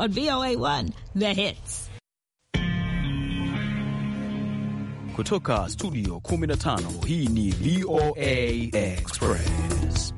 on VOA1 The Hits. Kutoka studio 15 hii ni VOA Express.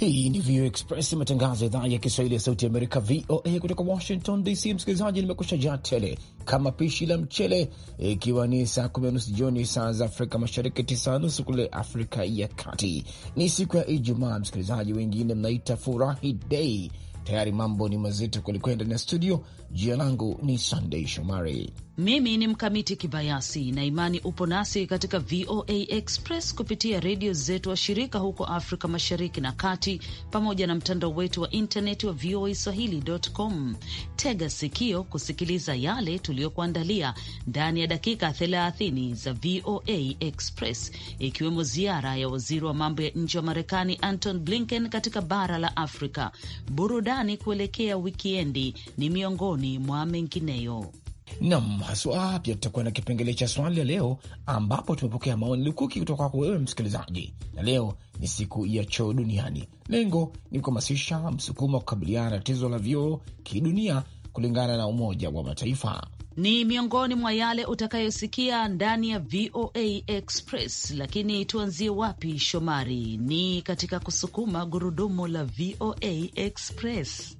Hii ni VOA Express, matangazo ya idhaa ya Kiswahili ya sauti Amerika, VOA kutoka Washington DC. Msikilizaji, nimekusha jaa tele kama pishi la mchele, ikiwa ni saa kumi na nusu jioni saa za Afrika Mashariki, tisa na nusu kule Afrika ya Kati. Ni siku ya Ijumaa, msikilizaji, wengine mnaita furahi dei Tayari mambo ni mazito kwelikweli ndani ya studio, Jina langu ni Sandei Shomari. Mimi ni Mkamiti Kibayasi na Imani upo nasi katika VOA Express kupitia redio zetu wa shirika huko Afrika Mashariki na Kati, pamoja na mtandao wetu wa intaneti wa VOA Swahili.com. Tega sikio kusikiliza yale tuliyokuandalia ndani ya dakika 30 za VOA Express, ikiwemo ziara ya waziri wa mambo ya nje wa Marekani Anton Blinken katika bara la Afrika, burudani kuelekea wikiendi ni miongoni miongoni mwa mengineyo. Nam haswa pia tutakuwa na kipengele cha swali la leo, ambapo tumepokea maoni lukuki kutoka kwako wewe msikilizaji, na leo ni siku ya choo duniani. Lengo ni kuhamasisha msukumo wa kukabiliana na tatizo la vyoo kidunia kulingana na Umoja wa Mataifa. Ni miongoni mwa yale utakayosikia ndani ya VOA Express. Lakini tuanzie wapi, Shomari? Ni katika kusukuma gurudumu la VOA Express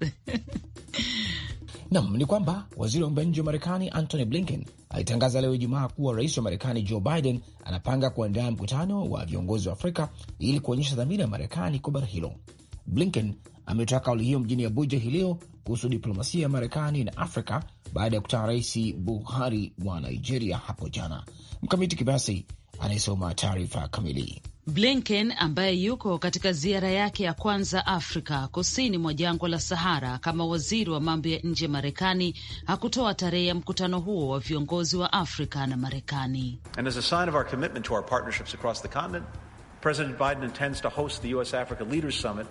Nam ni kwamba waziri wa mambo ya nje wa Marekani Antony Blinken alitangaza leo Ijumaa kuwa rais wa Marekani Joe Biden anapanga kuandaa mkutano wa viongozi wa Afrika ili kuonyesha dhamira ya Marekani kwa bara hilo. Blinken ametoa kauli hiyo mjini Abuja hii leo kuhusu diplomasia ya Marekani na Afrika baada ya kutana Rais Buhari wa Nigeria hapo jana. Mkamiti Kibasi anayesoma taarifa kamili. Blinken ambaye yuko katika ziara yake ya kwanza Afrika kusini mwa jangwa la Sahara kama waziri wa mambo ya nje Marekani hakutoa tarehe ya mkutano huo wa viongozi wa Afrika na Marekani. President Biden intends to host the US Africa Leaders Summit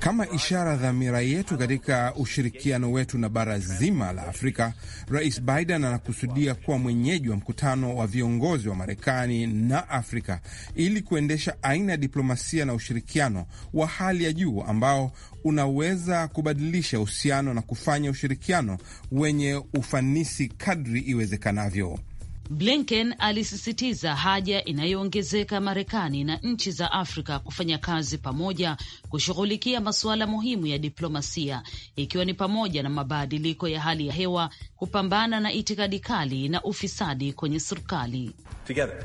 kama ishara dhamira yetu katika ushirikiano wetu na bara zima la Afrika, Rais Biden anakusudia kuwa mwenyeji wa mkutano wa viongozi wa Marekani na Afrika ili kuendesha aina ya diplomasia na ushirikiano wa hali ya juu ambao unaweza kubadilisha uhusiano na kufanya ushirikiano wenye ufanisi kadri iwezekanavyo. Blinken alisisitiza haja inayoongezeka Marekani na nchi za Afrika kufanya kazi pamoja kushughulikia masuala muhimu ya diplomasia, ikiwa ni pamoja na mabadiliko ya hali ya hewa, kupambana na itikadi kali na ufisadi kwenye serikali. Together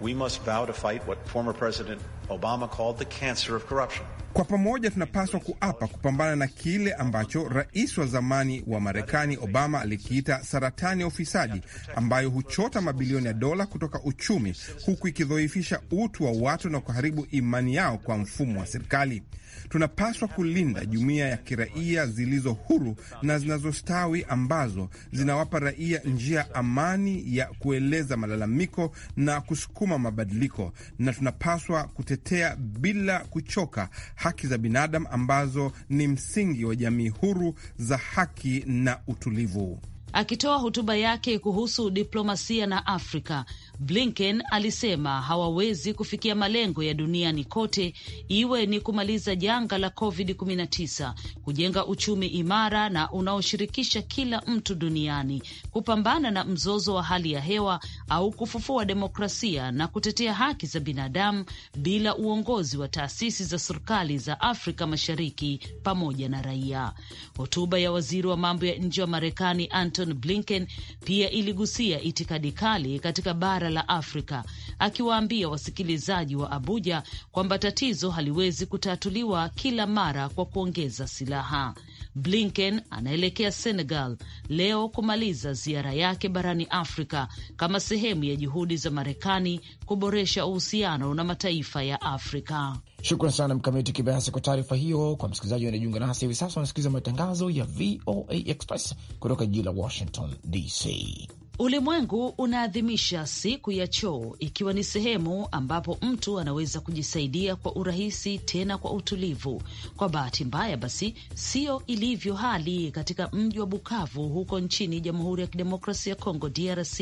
we must vow to fight what former President Obama called the cancer of corruption kwa pamoja tunapaswa kuapa kupambana na kile ambacho rais wa zamani wa Marekani Obama alikiita saratani ya ufisadi, ambayo huchota mabilioni ya dola kutoka uchumi, huku ikidhoofisha utu wa watu na kuharibu imani yao kwa mfumo wa serikali. Tunapaswa kulinda jumuiya ya kiraia zilizo huru na zinazostawi ambazo zinawapa raia njia amani ya kueleza malalamiko na kusukuma mabadiliko, na tunapaswa kutetea bila kuchoka haki za binadamu ambazo ni msingi wa jamii huru za haki na utulivu. Akitoa hotuba yake kuhusu diplomasia na Afrika, Blinken alisema hawawezi kufikia malengo ya duniani kote, iwe ni kumaliza janga la COVID-19, kujenga uchumi imara na unaoshirikisha kila mtu duniani, kupambana na mzozo wa hali ya hewa au kufufua demokrasia na kutetea haki za binadamu bila uongozi wa taasisi za serikali za Afrika Mashariki pamoja na raia. Hotuba ya waziri wa mambo ya nje wa Marekani Anton Blinken pia iligusia itikadi kali katika bara bara la Afrika, akiwaambia wasikilizaji wa Abuja kwamba tatizo haliwezi kutatuliwa kila mara kwa kuongeza silaha. Blinken anaelekea Senegal leo kumaliza ziara yake barani Afrika kama sehemu ya juhudi za Marekani kuboresha uhusiano na mataifa ya Afrika. Shukran sana Mkamiti Kibayasi kwa taarifa hiyo. Kwa msikilizaji anajiunga nasi hivi sasa, wanasikiliza matangazo ya VOA Express kutoka jiji la Washington DC. Ulimwengu unaadhimisha siku ya choo ikiwa ni sehemu ambapo mtu anaweza kujisaidia kwa urahisi tena kwa utulivu. Kwa bahati mbaya, basi sio ilivyo hali katika mji wa Bukavu huko nchini Jamhuri ya Kidemokrasia ya Kongo DRC,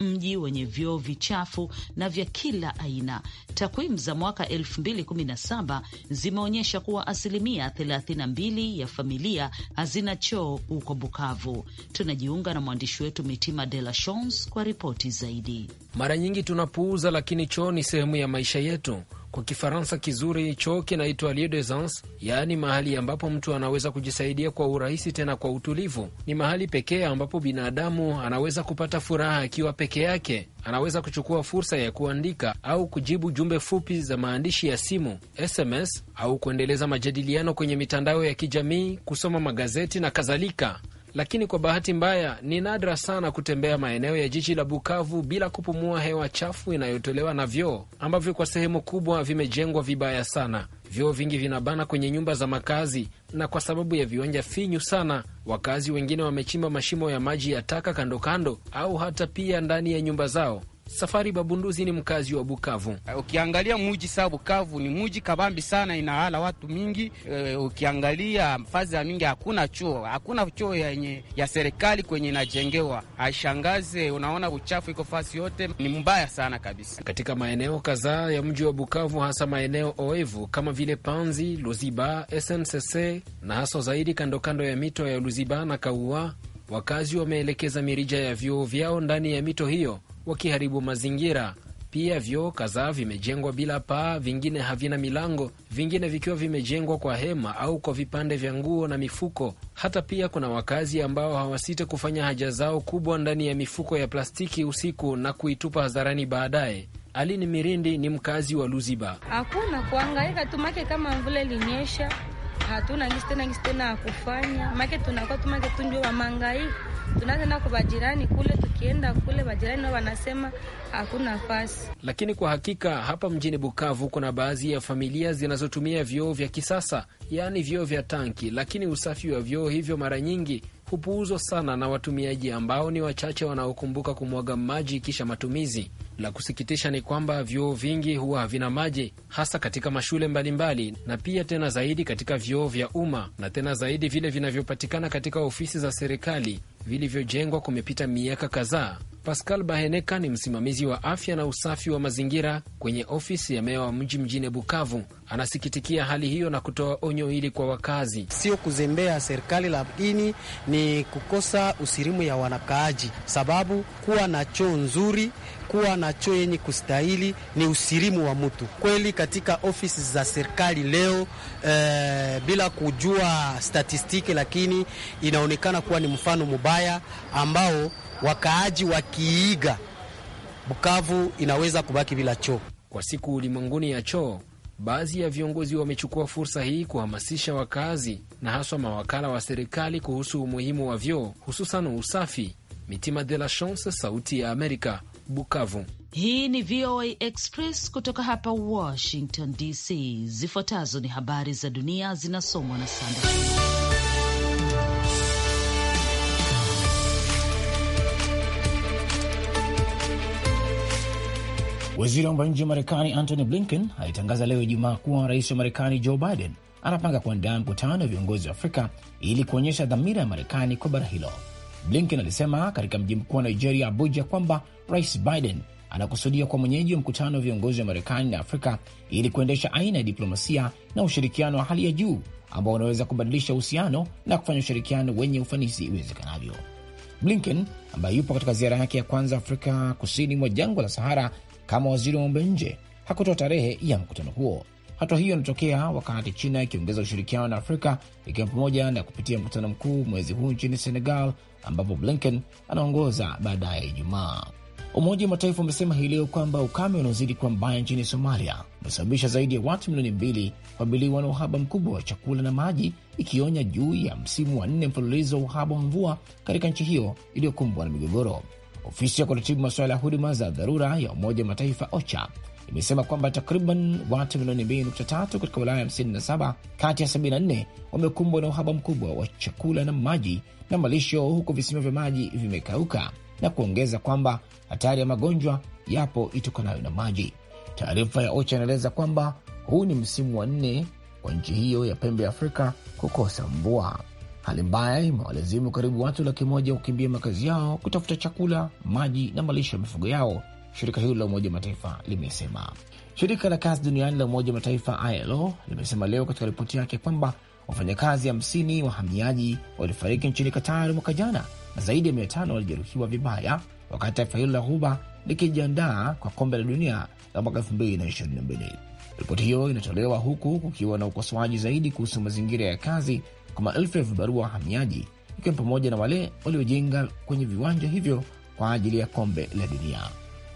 mji wenye vyoo vichafu na vya kila aina. Takwimu za mwaka 2017 zimeonyesha kuwa asilimia 32 ya familia hazina choo huko Bukavu. Tunajiunga na mwandishi wetu Mitima Dela la Shons kwa ripoti zaidi. Mara nyingi tunapuuza, lakini choo ni sehemu ya maisha yetu. Kwa Kifaransa kizuri choo kinaitwa lieu d'aisance, yaani mahali ambapo mtu anaweza kujisaidia kwa urahisi tena kwa utulivu. Ni mahali pekee ambapo binadamu anaweza kupata furaha akiwa peke yake. Anaweza kuchukua fursa ya kuandika au kujibu jumbe fupi za maandishi ya simu, SMS, au kuendeleza majadiliano kwenye mitandao ya kijamii, kusoma magazeti na kadhalika lakini kwa bahati mbaya ni nadra sana kutembea maeneo ya jiji la Bukavu bila kupumua hewa chafu inayotolewa na vyoo ambavyo kwa sehemu kubwa vimejengwa vibaya sana. Vyoo vingi vinabana kwenye nyumba za makazi, na kwa sababu ya viwanja finyu sana, wakazi wengine wamechimba mashimo ya maji ya taka kando kando, au hata pia ndani ya nyumba zao Safari Babunduzi ni mkazi wa Bukavu. Eh, ukiangalia muji saa Bukavu ni muji kabambi sana, inaala watu mingi. E, ukiangalia fazi ya mingi hakuna chuo, hakuna chuo yenye ya, ya serikali kwenye inajengewa. Aishangaze, unaona uchafu iko fasi yote, ni mbaya sana kabisa. Katika maeneo kadhaa ya mji wa Bukavu, hasa maeneo oevu kama vile Panzi, Luziba, SNCC na hasa zaidi kando kando ya mito ya Luziba na Kaua, wakazi wameelekeza mirija ya vyoo vyao ndani ya mito hiyo wakiharibu mazingira. Pia vyoo kadhaa vimejengwa bila paa, vingine havina milango, vingine vikiwa vimejengwa kwa hema au kwa vipande vya nguo na mifuko. Hata pia kuna wakazi ambao hawasite kufanya haja zao kubwa ndani ya mifuko ya plastiki usiku na kuitupa hadharani baadaye. Alini Mirindi ni mkazi wa Luziba. Hakuna kuangaika tumake, kama mvula ilinyesha, hatuna gisi tena gisi tena ya kufanya make, tunakuwa tumake tunjua mangaika tunaenda kwa majirani kule, tukienda kule majirani nao wanasema hakuna fasi. Lakini kwa hakika hapa mjini Bukavu kuna baadhi ya familia zinazotumia vyoo vya kisasa, yaani vyoo vya tanki, lakini usafi wa vyoo hivyo mara nyingi hupuuzwa sana na watumiaji ambao ni wachache wanaokumbuka kumwaga maji kisha matumizi. La kusikitisha ni kwamba vyoo vingi huwa havina maji, hasa katika mashule mbalimbali, na pia tena zaidi katika vyoo vya umma, na tena zaidi vile vinavyopatikana katika ofisi za serikali vilivyojengwa kumepita miaka kadhaa. Pascal Baheneka ni msimamizi wa afya na usafi wa mazingira kwenye ofisi ya meya wa mji mjini Bukavu. Anasikitikia hali hiyo na kutoa onyo hili kwa wakazi: sio kuzembea serikali, lakini ni kukosa usirimu ya wanakaaji, sababu kuwa na choo nzuri, kuwa na choo yenye kustahili ni usirimu wa mtu kweli. Katika ofisi za serikali leo e, bila kujua statistiki, lakini inaonekana kuwa ni mfano mubaya ambao wakaaji wakiiga, Bukavu inaweza kubaki bila choo. Kwa siku ulimwenguni ya choo, baadhi ya viongozi wamechukua fursa hii kuhamasisha wakazi na haswa mawakala wa serikali kuhusu umuhimu wa vyoo, hususan usafi. Mitima de la Chance, Sauti ya Amerika, Bukavu. Hii ni VOA Express kutoka hapa Washington DC. Zifuatazo ni habari za dunia zinasomwa na Sanda. Waziri wa mambo ya nje wa Marekani Antony Blinken alitangaza leo Ijumaa kuwa rais wa Marekani Joe Biden anapanga kuandaa mkutano wa viongozi wa Afrika ili kuonyesha dhamira ya Marekani kwa bara hilo. Blinken alisema katika mji mkuu wa Nigeria, Abuja, kwamba rais Biden anakusudia kwa mwenyeji wa mkutano wa viongozi wa Marekani na Afrika ili kuendesha aina ya diplomasia na ushirikiano wa hali ya juu ambao unaweza kubadilisha uhusiano na kufanya ushirikiano wenye ufanisi iwezekanavyo. Blinken ambaye yupo katika ziara yake ya kwanza Afrika kusini mwa jangwa la Sahara kama waziri wa mambo nje hakutoa tarehe ya mkutano huo. Hatua hiyo inatokea wakati China ikiongeza ushirikiano na Afrika, ikiwa pamoja na kupitia mkutano mkuu mwezi huu nchini Senegal, ambapo Blinken anaongoza baadaye Ijumaa. Umoja wa Mataifa umesema hii leo kwamba ukame unaozidi kuwa mbaya nchini Somalia umesababisha zaidi ya watu milioni mbili kukabiliwa na uhaba mkubwa wa chakula na maji, ikionya juu ya msimu wa nne mfululizo wa uhaba wa mvua katika nchi hiyo iliyokumbwa na migogoro. Ofisi ya kuratibu masuala ya huduma za dharura ya Umoja wa Mataifa OCHA imesema kwamba takriban watu milioni 2.3 katika wilaya 57 kati ya 74 wamekumbwa na uhaba mkubwa wa chakula na maji na malisho, huku visima vya maji vimekauka, na kuongeza kwamba hatari ya magonjwa yapo itokanayo na maji. Taarifa ya OCHA inaeleza kwamba huu ni msimu wa nne kwa nchi hiyo ya pembe ya Afrika kukosa mvua. Hali mbaya imewalazimu karibu watu laki moja kukimbia makazi yao kutafuta chakula, maji na malisho ya mifugo yao, shirika hilo la Umoja Mataifa limesema. Shirika la kazi duniani la Umoja Mataifa ILO limesema leo katika ripoti yake kwamba wafanyakazi hamsini wahamiaji walifariki nchini Qatar mwaka jana na zaidi ya mia tano walijeruhiwa vibaya wakati taifa hilo la Ghuba likijiandaa kwa kombe la dunia la mwaka 2022. Ripoti hiyo inatolewa huku kukiwa na ukosoaji zaidi kuhusu mazingira ya kazi kwa maelfu ya vibarua wahamiaji, ikiwa ni pamoja na wale waliojenga kwenye viwanja hivyo kwa ajili ya kombe la dunia.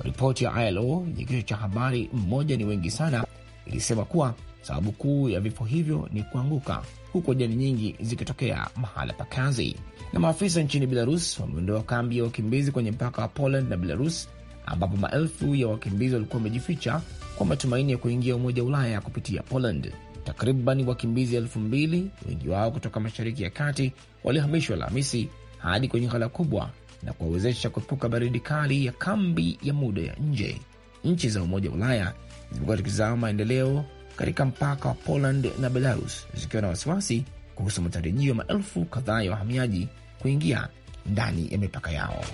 Ripoti ya ILO yenye kichwa cha habari mmoja ni wengi sana ilisema kuwa sababu kuu ya vifo hivyo ni kuanguka, huku ajali nyingi zikitokea mahala pa kazi. Na maafisa nchini Belarus wameondoa kambi ya wakimbizi kwenye mpaka wa Poland na Belarus, ambapo maelfu ya wakimbizi walikuwa wamejificha kwa matumaini ya kuingia Umoja wa Ulaya kupitia Poland. Takriban wakimbizi elfu mbili wengi wao kutoka mashariki ya kati walihamishwa Alhamisi hadi kwenye ghala kubwa na kuwawezesha kuepuka baridi kali ya kambi ya muda ya nje. Nchi za Umoja wa Ulaya zimekuwa zikizama maendeleo katika mpaka wa Poland na Belarus zikiwa na wasiwasi kuhusu matarajio maelfu kadhaa ya wahamiaji kuingia ndani ya mipaka yao.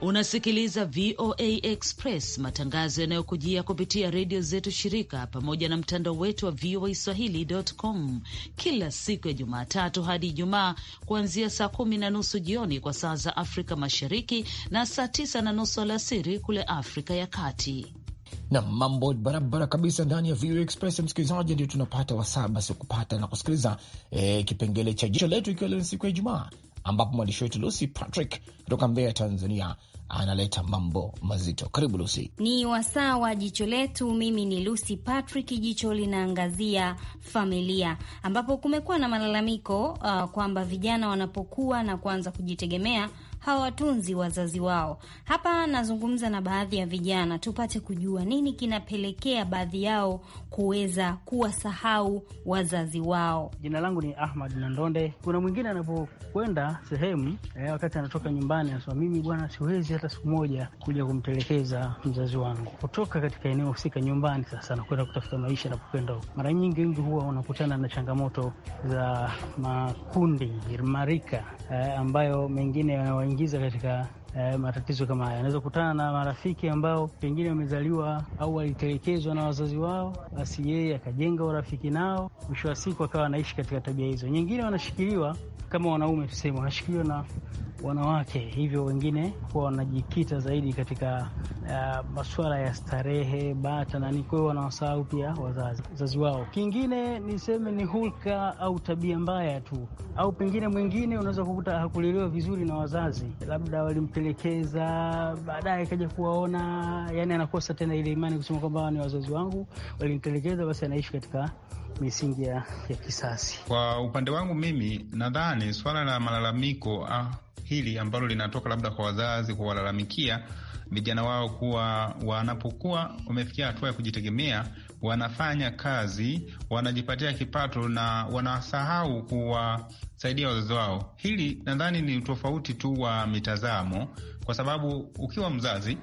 Unasikiliza VOA Express, matangazo yanayokujia kupitia redio zetu shirika pamoja na mtandao wetu wa VOA Swahili.com kila siku ya Jumatatu hadi Ijumaa kuanzia saa kumi na nusu jioni kwa saa za Afrika Mashariki na saa tisa na nusu alasiri kule Afrika ya Kati na mambo barabara kabisa ndani ya VOA Express, msikilizaji, ndio tunapata wasaa basi kupata na kusikiliza e, kipengele cha jicho letu, ikiwa leo siku ya Ijumaa ambapo mwandishi wetu Lucy Patrick kutoka Mbeya, Tanzania, analeta mambo mazito. Karibu Lusi, ni wasaa wa jicho letu. Mimi ni Lusi Patrick. Jicho linaangazia familia, ambapo kumekuwa na malalamiko uh, kwamba vijana wanapokuwa na kuanza kujitegemea hawatunzi wazazi wao. Hapa nazungumza na baadhi ya vijana, tupate kujua nini kinapelekea baadhi yao kuweza kuwasahau wazazi wao. Jina langu ni Ahmad Nandonde. Kuna mwingine anapokwenda sehemu eh, wakati anatoka nyumbani anasema, mimi bwana, siwezi hata siku moja kuja kumtelekeza mzazi wangu, kutoka katika eneo husika nyumbani. Sasa nakwenda kutafuta maisha, anapokwenda mara nyingi wengi huwa wanakutana na changamoto za makundi marika, eh, ambayo mengine kuwaingiza katika eh, matatizo kama haya. Anaweza kukutana na marafiki ambao pengine wamezaliwa au walitelekezwa na wazazi wao, basi yeye akajenga urafiki nao, mwisho wa siku akawa anaishi katika tabia hizo. Nyingine wanashikiliwa kama wanaume tuseme wanashikiliwa na wanawake, hivyo wengine huwa wanajikita zaidi katika uh, eh, masuala ya starehe, bata nani, kwa hiyo wanawasahau pia wazazi wazazi wao. Kingine niseme ni hulka au tabia mbaya tu, au pengine mwingine unaweza kukuta hakulelewa vizuri na wazazi, labda walimpelekeza, baadaye kaja kuwaona, yani anakosa tena ile imani kusema kwamba ni wazazi wangu walimpelekeza basi anaishi katika misingi ya, ya kisasi. Kwa upande wangu mimi nadhani swala la malalamiko ah, hili ambalo linatoka labda kwa wazazi kuwalalamikia vijana wao kuwa wanapokuwa wamefikia hatua ya kujitegemea, wanafanya kazi, wanajipatia kipato na wanasahau kuwasaidia wazazi wao. Hili nadhani ni utofauti tu wa mitazamo, kwa sababu ukiwa mzazi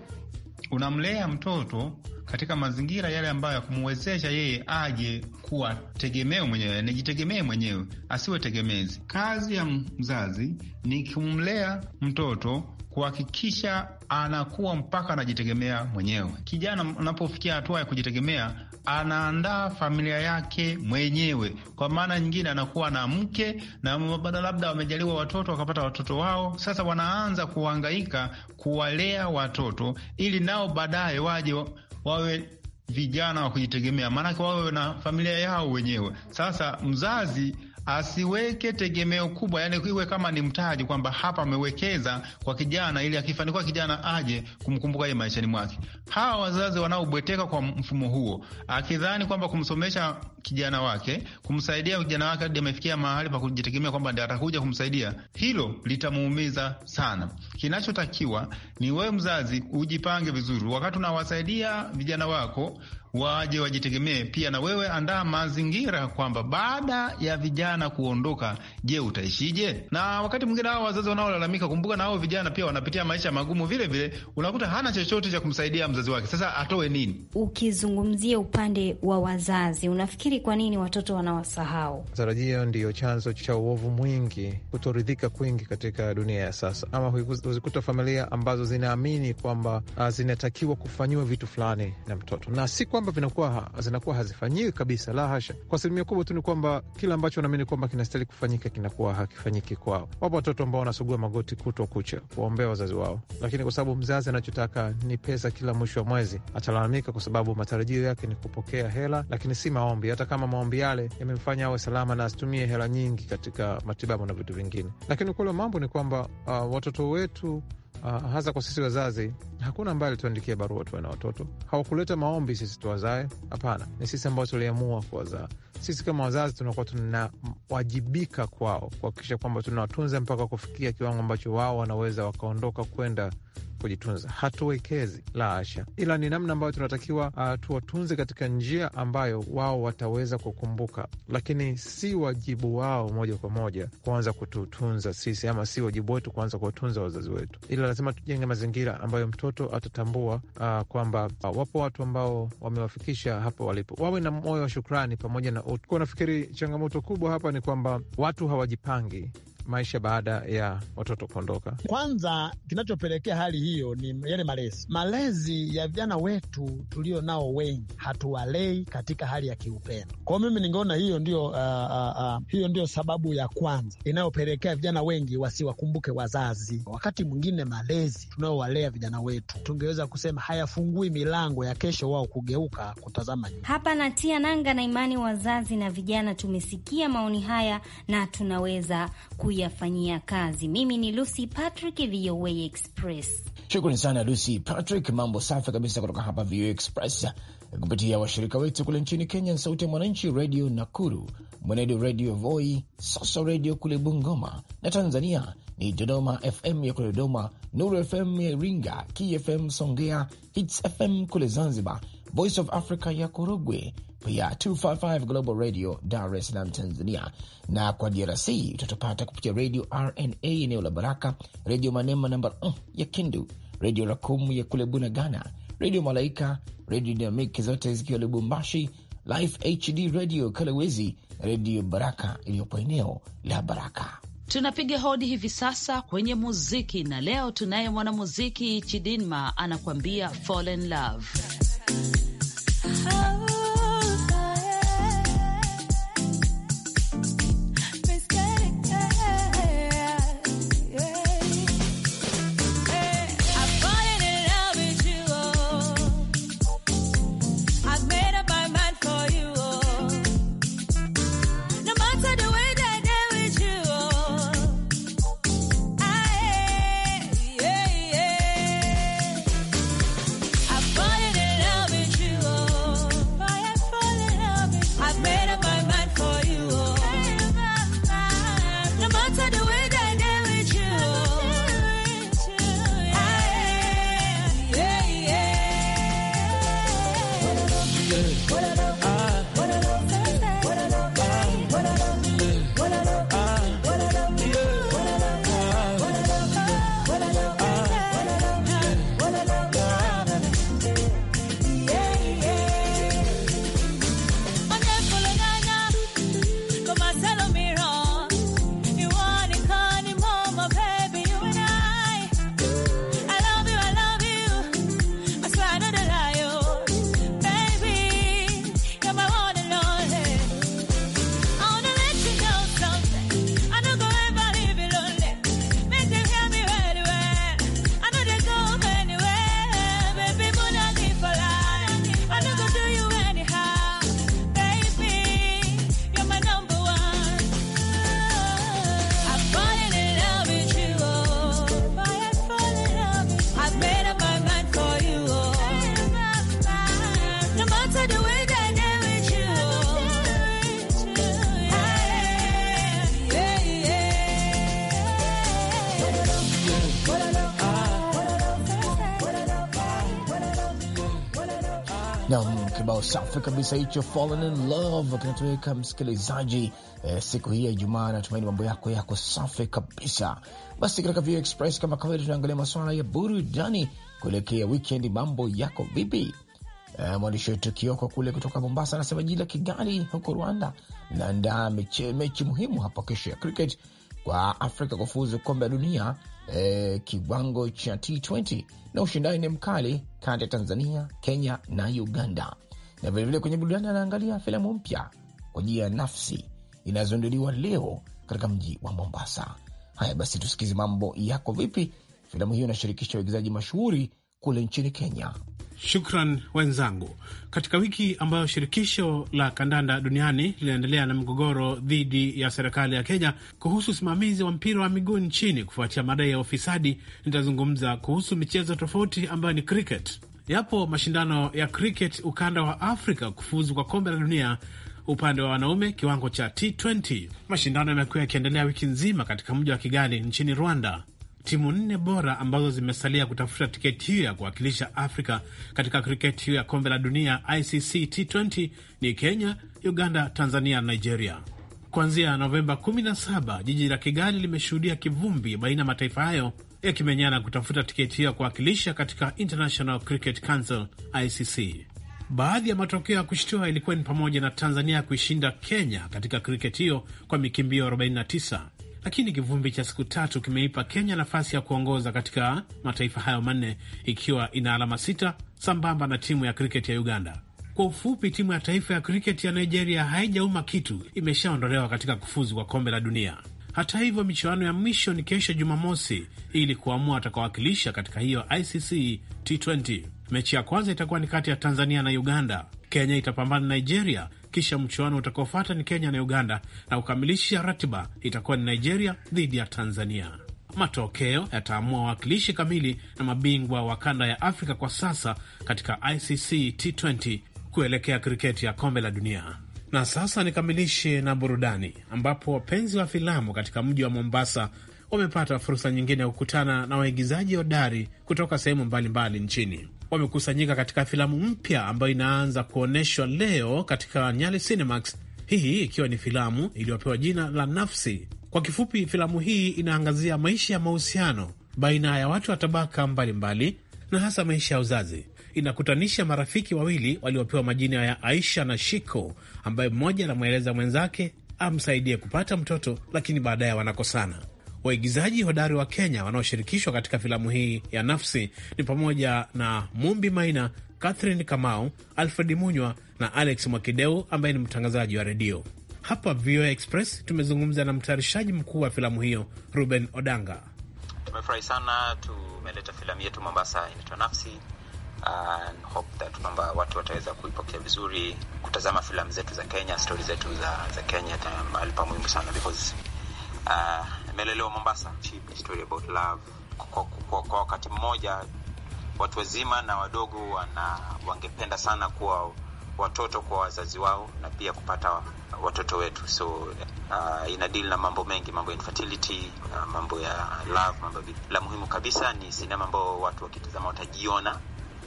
unamlea mtoto katika mazingira yale ambayo yakumwezesha yeye aje kuwa tegemeo mwenyewe, anijitegemee mwenyewe, asiwe tegemezi. Kazi ya mzazi ni kumlea mtoto kuhakikisha anakuwa mpaka anajitegemea mwenyewe. Kijana unapofikia hatua ya kujitegemea, anaandaa familia yake mwenyewe. Kwa maana nyingine, anakuwa na mke na labda wamejaliwa watoto wakapata watoto wao, sasa wanaanza kuhangaika kuwalea watoto ili nao baadaye waje wawe vijana wa kujitegemea, maanake wawe na familia yao wenyewe. Sasa mzazi asiweke tegemeo kubwa, yani iwe kama ni mtaji kwamba hapa amewekeza kwa kijana ili akifanikiwa kijana aje kumkumbuka ye maishani mwake. Hawa wazazi wanaobweteka kwa mfumo huo, akidhani kwamba kumsomesha kijana wake, kumsaidia kijana wake hadi amefikia mahali pa kujitegemea kwamba ndiye atakuja kumsaidia, hilo litamuumiza sana. Kinachotakiwa ni wewe mzazi ujipange vizuri, wakati unawasaidia vijana wako waje wajitegemee pia, na wewe andaa mazingira kwamba baada ya vijana kuondoka, je, utaishije? Na wakati mwingine hao wazazi wanaolalamika, kumbuka na vijana pia wanapitia maisha magumu vile vile, unakuta hana chochote cha kumsaidia mzazi wake. Sasa atoe nini? Ukizungumzia upande wa wazazi, unafikiri Unafikiri kwa nini watoto wanawasahau? Tarajio ndiyo chanzo cha uovu mwingi, kutoridhika kwingi katika dunia ya sasa. Ama huzikuta familia ambazo zinaamini kwamba ah, zinatakiwa kufanyiwa vitu fulani na mtoto, na si kwamba vinakuwa zinakuwa hazifanyiwi kabisa, la hasha. Kwa asilimia kubwa tu ni kwamba kile ambacho wanaamini kwamba kinastahili kufanyika kinakuwa hakifanyiki kwao. Wapo watoto ambao wanasugua magoti kutwa kucha kuwaombea wazazi wao, lakini kwa sababu mzazi anachotaka ni pesa kila mwisho wa mwezi, atalalamika kwa sababu matarajio yake ni kupokea hela, lakini si maombi hata hata kama maombi yale yamemfanya awe salama na asitumie hela nyingi katika matibabu na vitu vingine. Lakini ukweli wa mambo ni kwamba uh, watoto wetu Uh, hasa kwa sisi wazazi, hakuna ambaye alituandikia barua tuwe na watoto. Hawakuleta maombi sisi tuwazae, hapana. Ni sisi ambao tuliamua kuwazaa. Sisi kama wazazi tunakuwa tunawajibika kwao kuhakikisha kwamba tunawatunza mpaka kufikia kiwango ambacho wao wanaweza wakaondoka kwenda kujitunza, hatuwekezi la asha, ila ni namna ambayo tunatakiwa uh, tuwatunze katika njia ambayo wao wataweza kukumbuka, lakini si wajibu wao moja kwa moja kuanza kututunza sisi, ama si wajibu wetu kuanza kuwatunza wazazi wetu, ila lazima tujenge mazingira ambayo mtoto atatambua uh, kwamba uh, wapo watu ambao wamewafikisha hapo walipo, wawe na moyo wa shukrani pamoja na utu. Nafikiri changamoto kubwa hapa ni kwamba watu hawajipangi maisha baada ya watoto kuondoka? Kwanza, kinachopelekea hali hiyo ni yale malezi, malezi ya vijana wetu tulio nao wengi, hatuwalei katika hali ya kiupendo. Kwao mimi ningeona hiyo ndio, uh, uh, uh, hiyo ndio sababu ya kwanza inayopelekea vijana wengi wasiwakumbuke wazazi. Wakati mwingine malezi tunayowalea vijana wetu tungeweza kusema hayafungui milango ya kesho wao kugeuka kutazama nyuma. Hapa natia nanga na imani wazazi na vijana tumesikia maoni haya na tunaweza ku kuyafanyia kazi. Mimi ni Lucy Patrick, VOA Express. Shukrani sana Lucy Patrick, mambo safi kabisa kutoka hapa VOA Express eh, kupitia washirika wetu kule nchini Kenya, Sauti ya Mwananchi Redio Nakuru, Mwenedo Redio Voi, Sasa Redio kule Bungoma, na Tanzania ni Dodoma FM ya kule Dodoma, Nuru FM ya Iringa, KFM Songea, Hits FM kule Zanzibar, Voice of Africa ya Korogwe, ya 255 Global Radio Dar es Salaam, Tanzania, na kwa DRC utatupata kupitia Radio RNA eneo la Baraka, Radio Manema namba uh, ya Kindu, Radio Rakumu ya kule Bunagana, Radio Malaika, Radio Dynamic zote zikiwa Lubumbashi, Life HD Radio Kalewezi Radio Baraka iliyopo eneo la Baraka. Tunapiga hodi hivi sasa kwenye muziki, na leo tunaye mwanamuziki Chidinma anakuambia Fallen Love. safi kabisa hicho Fallen in Love kinatoweka msikilizaji, eh, siku hii ya Ijumaa. Natumaini mambo yako yako safi kabisa. Basi katika Vio Express kama kawaida, tunaangalia masuala ya burudani kuelekea wikendi. Mambo yako vipi? Eh, mwandishi wetu Kioko kule kutoka Mombasa anasema jiji la Kigali huko Rwanda naandaa mechi, mechi muhimu hapo kesho ya cricket kwa Afrika kufuzu kombe la dunia eh, kiwango cha T20 na ushindani ni mkali kati ya Tanzania, Kenya na Uganda na vilevile kwenye burudani anaangalia filamu mpya kwa ajili ya Nafsi inayozinduliwa leo katika mji wa Mombasa. Haya basi, tusikize mambo yako vipi. Filamu hiyo inashirikisha waigizaji mashuhuri kule nchini Kenya. Shukran wenzangu. Katika wiki ambayo shirikisho la kandanda duniani linaendelea na mgogoro dhidi ya serikali ya Kenya kuhusu usimamizi wa mpira wa miguu nchini kufuatia madai ya ufisadi, nitazungumza kuhusu michezo tofauti ambayo ni cricket yapo mashindano ya cricket ukanda wa Afrika kufuzu kwa kombe la dunia upande wa wanaume kiwango cha T20. Mashindano yamekuwa yakiendelea wiki nzima katika mji wa Kigali nchini Rwanda. Timu nne bora ambazo zimesalia kutafuta tiketi hiyo ya kuwakilisha Afrika katika kriketi hiyo ya kombe la dunia ICC T20 ni Kenya, Uganda, Tanzania na Nigeria. Kuanzia Novemba 17 jiji la Kigali limeshuhudia kivumbi baina ya mataifa hayo yakimenyana kutafuta tiketi hiyo ya kuwakilisha katika International Cricket Council ICC. Baadhi ya matokeo ya kushtua ilikuwa ni pamoja na Tanzania kuishinda Kenya katika kriketi hiyo kwa mikimbio 49, lakini kivumbi cha siku tatu kimeipa Kenya nafasi ya kuongoza katika mataifa hayo manne ikiwa ina alama sita sambamba na timu ya kriketi ya Uganda. Kwa ufupi, timu ya taifa ya kriketi ya Nigeria haijauma kitu, imeshaondolewa katika kufuzu kwa kombe la dunia. Hata hivyo, michuano ya mwisho ni kesho Jumamosi ili kuamua atakawakilisha katika hiyo ICC T20. Mechi ya kwanza itakuwa ni kati ya Tanzania na Uganda. Kenya itapambana Nigeria, kisha mchuano utakaofuata ni Kenya na Uganda, na kukamilisha ratiba itakuwa ni Nigeria dhidi ya Tanzania. Matokeo yataamua wawakilishi kamili na mabingwa wa kanda ya Afrika kwa sasa katika ICC T20 kuelekea kriketi ya kombe la dunia. Na sasa nikamilishe na burudani, ambapo wapenzi wa filamu katika mji wa Mombasa wamepata fursa nyingine ya kukutana na waigizaji hodari kutoka sehemu mbalimbali nchini. Wamekusanyika katika filamu mpya ambayo inaanza kuonyeshwa leo katika Nyali Cinemax, hii ikiwa ni filamu iliyopewa jina la Nafsi. Kwa kifupi, filamu hii inaangazia maisha ya mahusiano baina ya watu wa tabaka mbalimbali na hasa maisha ya uzazi inakutanisha marafiki wawili waliopewa majina ya Aisha na Shiko, ambaye mmoja anamweleza mwenzake amsaidie kupata mtoto, lakini baadaye wanakosana. Waigizaji hodari wa Kenya wanaoshirikishwa katika filamu hii ya Nafsi ni pamoja na Mumbi Maina, Catherine Kamau, Alfred Munywa na Alex Mwakideu ambaye ni mtangazaji wa redio. Hapa VOA Express tumezungumza na mtayarishaji mkuu wa filamu hiyo Ruben Odanga. Tumefurahi sana, tumeleta filamu yetu Mombasa, inaitwa Nafsi and hope that kwamba watu wataweza kuipokea vizuri, kutazama filamu zetu za Kenya, stori zetu za, za Kenya mahali pa muhimu sana because uh, imelelewa Mombasa, story about love. Kwa wakati mmoja watu wazima na wadogo wana, wangependa sana kuwa watoto kwa wazazi wao na pia kupata watoto wetu. So uh, ina deal na mambo mengi, mambo ya infertility, uh, mambo ya love, mambo la muhimu kabisa ni sinema ambao watu wakitazama watajiona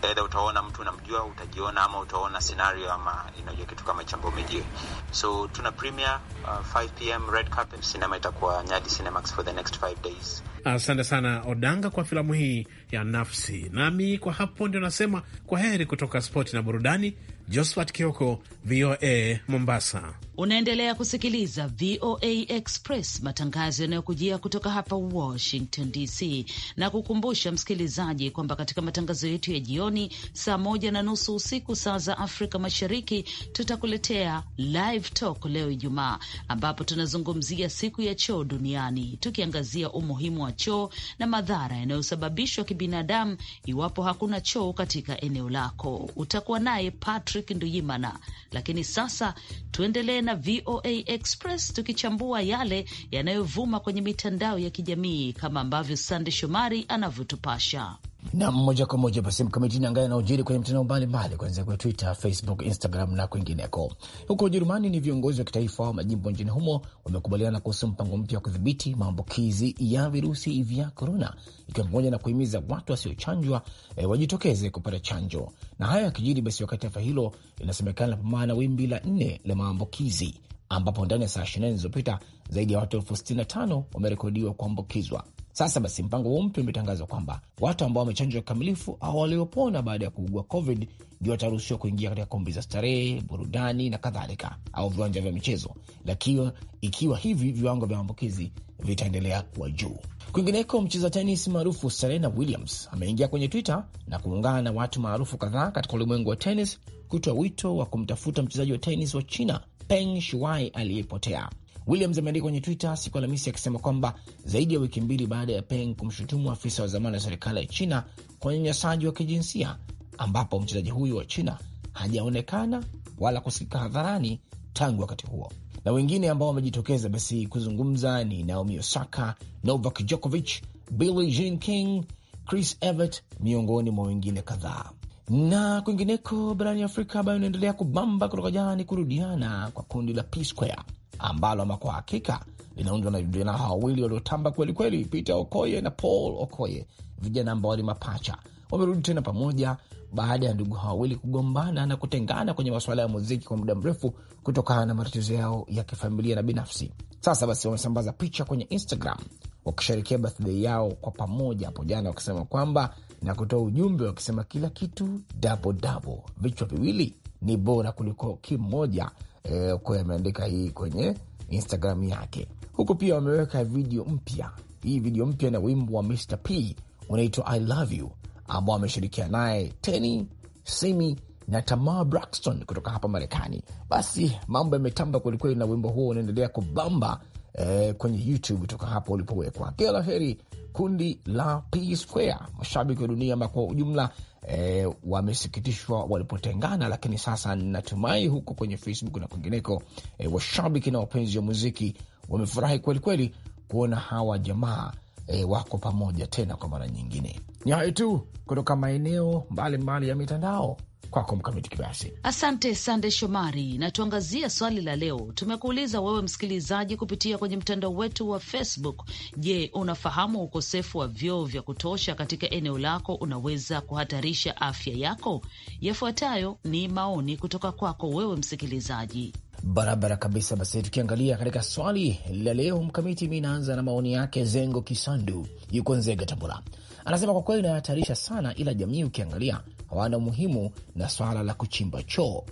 Aidha utaona mtu unamjua, utajiona, ama utaona scenario ama inajua kitu kama chambo umejie. So tuna premiere uh, 5 pm red carpet cinema itakuwa Nyali Cinemax for the next 5 days. Asante sana Odanga kwa filamu hii ya Nafsi. Nami kwa hapo ndio nasema kwa heri kutoka spoti na burudani. Josphat Kioko, VOA Mombasa. Unaendelea kusikiliza VOA Express, matangazo yanayokujia kutoka hapa Washington DC, na kukumbusha msikilizaji kwamba katika matangazo yetu ya jioni saa moja na nusu usiku saa za Afrika Mashariki tutakuletea Live Talk leo Ijumaa, ambapo tunazungumzia siku ya choo duniani tukiangazia umuhimu wa choo na madhara yanayosababishwa kibinadamu iwapo hakuna choo katika eneo lako. Utakuwa naye Patrick Nduyimana. Lakini sasa tuendelee na VOA Express tukichambua yale yanayovuma kwenye mitandao ya kijamii kama ambavyo Sande Shomari anavyotupasha na moja kwa moja basi mkamiti na na ujiri kwenye mtandao mbalimbali kuanzia kwenye Twitter, Facebook, Instagram na kwingineko. Huko Ujerumani ni viongozi wa kitaifa wa majimbo nchini humo wamekubaliana kuhusu mpango mpya wa kudhibiti maambukizi ya virusi vya korona, ikiwa pamoja na kuhimiza watu wasiochanjwa e, wajitokeze kupata chanjo. Na haya yakijiri basi wakati taifa hilo linasemekana pambana na wimbi la nne la maambukizi ambapo ndani ya saa 24 zilizopita zaidi ya watu elfu 65 wamerekodiwa kuambukizwa. Sasa basi, mpango huo mpya umetangazwa kwamba watu ambao wamechanjwa kikamilifu au waliopona baada ya kuugua COVID ndio wataruhusiwa kuingia katika kumbi za starehe, burudani na kadhalika, au viwanja vya michezo, lakini ikiwa hivi viwango vya maambukizi vitaendelea kuwa juu. Kwingineko, mcheza tenis maarufu Serena Williams ameingia kwenye Twitter na kuungana na watu maarufu kadhaa katika ulimwengu wa tenis kutoa wito wa kumtafuta mchezaji wa tenis wa China Peng Shuai aliyepotea. Williams ameandika kwenye Twitter siku Alhamisi akisema kwamba zaidi ya wiki mbili baada ya Peng kumshutumu afisa wa zamani wa serikali ya China kwa unyanyasaji wa kijinsia, ambapo mchezaji huyu wa China hajaonekana wala kusikika hadharani tangu wakati huo. Na wengine ambao wamejitokeza basi kuzungumza ni Naomi Osaka, Novak Djokovic, Billie Jean King, Chris Evert miongoni mwa wengine kadhaa. Na kwingineko barani Afrika, ambayo inaendelea kubamba kutoka jana ni kurudiana kwa kundi la P Square ambalo ama kwa hakika linaundwa na vijana hawa wawili waliotamba kwelikweli, Peter Okoye na Paul Okoye, vijana ambao ni mapacha, wamerudi tena pamoja baada ya ndugu hawa wawili kugombana na kutengana kwenye masuala ya muziki kwa muda mrefu kutokana na matatizo yao ya kifamilia na binafsi. Sasa basi, wamesambaza picha kwenye Instagram wakisherekea birthday yao kwa pamoja hapo jana, wakisema kwamba na kutoa ujumbe wakisema kila kitu dabodabo, vichwa viwili ni bora kuliko kimoja. E, kwa ameandika hii kwenye Instagram yake. Huku pia wameweka video mpya, hii video mpya na wimbo wa Mr P unaitwa I Love You ambao ameshirikia naye Teni Simi na Tamar Braxton kutoka hapa Marekani. Basi mambo yametamba kwelikweli, na wimbo huo unaendelea kubamba eh, kwenye YouTube toka hapo ulipowekwa. Kila la heri kundi la P Square, mashabiki wa dunia ambao kwa ujumla e, wamesikitishwa walipotengana, lakini sasa natumai huko kwenye Facebook na kwingineko e, washabiki na wapenzi wa muziki wamefurahi kwelikweli kuona hawa jamaa e, wako pamoja tena kwa mara nyingine. Ni hayo tu kutoka maeneo mbalimbali ya mitandao. Kwako Mkamiti Kibayasi. Asante Sande Shomari, na tuangazie swali la leo. Tumekuuliza wewe msikilizaji kupitia kwenye mtandao wetu wa Facebook. Je, unafahamu ukosefu wa vyoo vya kutosha katika eneo lako unaweza kuhatarisha afya yako? Yafuatayo ni maoni kutoka kwako wewe msikilizaji. Barabara kabisa. Basi tukiangalia katika swali la leo Mkamiti, mi naanza na maoni yake. Zengo Kisandu yuko Nzega, Tabora, anasema kwa kweli inahatarisha sana, ila jamii ukiangalia hawana umuhimu na swala la kuchimba choo.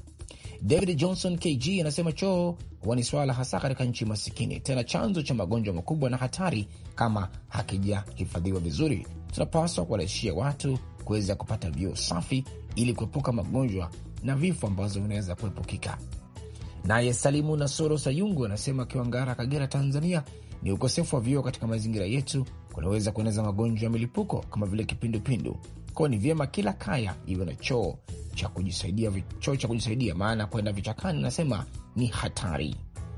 David Johnson KG anasema choo huwa ni swala hasa katika nchi masikini, tena chanzo cha magonjwa makubwa na hatari kama hakijahifadhiwa vizuri. Tunapaswa kuwarahisishia watu kuweza kupata vyoo safi ili kuepuka magonjwa na vifo ambazo vinaweza kuepukika. Naye Salimu Nasoro Sayungu anasema akiwa Ngara, Kagera, Tanzania, ni ukosefu wa vyoo katika mazingira yetu kunaweza kueneza magonjwa ya milipuko kama vile kipindupindu kwao ni vyema kila kaya iwe na choo cha kujisaidia, choo cha kujisaidia, maana kwenda vichakani nasema ni hatari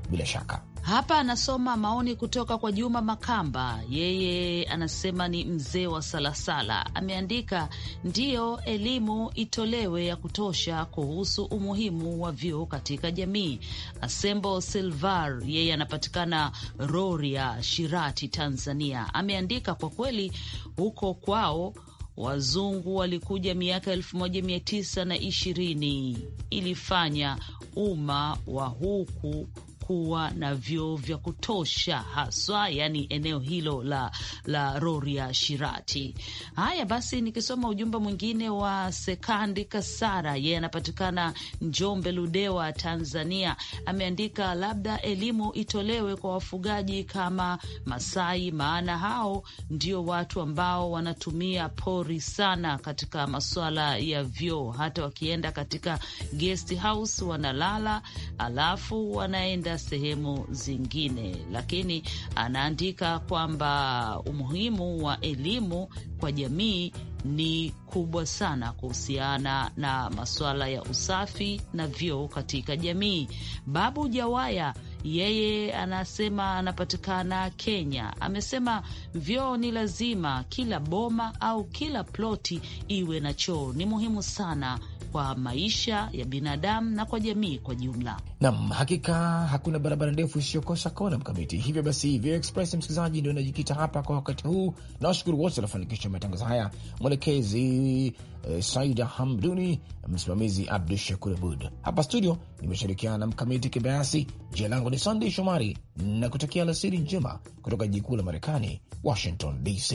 bila shaka. Hapa anasoma maoni kutoka kwa Juma Makamba, yeye anasema ni mzee wa Salasala. Ameandika, ndiyo elimu itolewe ya kutosha kuhusu umuhimu wa vyoo katika jamii. Asembo Silvar, yeye anapatikana roria Shirati, Tanzania, ameandika, kwa kweli huko kwao wazungu walikuja miaka elfu moja mia tisa na ishirini ilifanya umma wa huku kuwa na vyoo vya kutosha haswa, yani eneo hilo la, la Rorya Shirati. Haya basi, nikisoma ujumbe mwingine wa Sekandi Kasara, yeye anapatikana Njombe, Ludewa, Tanzania, ameandika labda elimu itolewe kwa wafugaji kama Masai, maana hao ndio watu ambao wanatumia pori sana katika masuala ya vyoo. Hata wakienda katika guest house wanalala, alafu wanaenda sehemu zingine, lakini anaandika kwamba umuhimu wa elimu kwa jamii ni kubwa sana kuhusiana na masuala ya usafi na vyoo katika jamii. Babu Jawaya yeye anasema anapatikana Kenya. Amesema vyoo ni lazima, kila boma au kila ploti iwe na choo, ni muhimu sana kwa maisha ya binadamu na kwa jamii kwa jumla. Nam, hakika hakuna barabara ndefu isiyokosa kona mkamiti. Hivyo basi, Vio Express msikilizaji, ndio inajikita hapa kwa wakati huu, na washukuru wote waliofanikisha matangazo haya, mwelekezi eh, Saida Hamduni, msimamizi Abdu Shakur Abud. Hapa studio nimeshirikiana na mkamiti Kibayasi. Jina langu ni Sandey Shomari na kutakia alasiri njema kutoka jiji kuu la Marekani, Washington DC.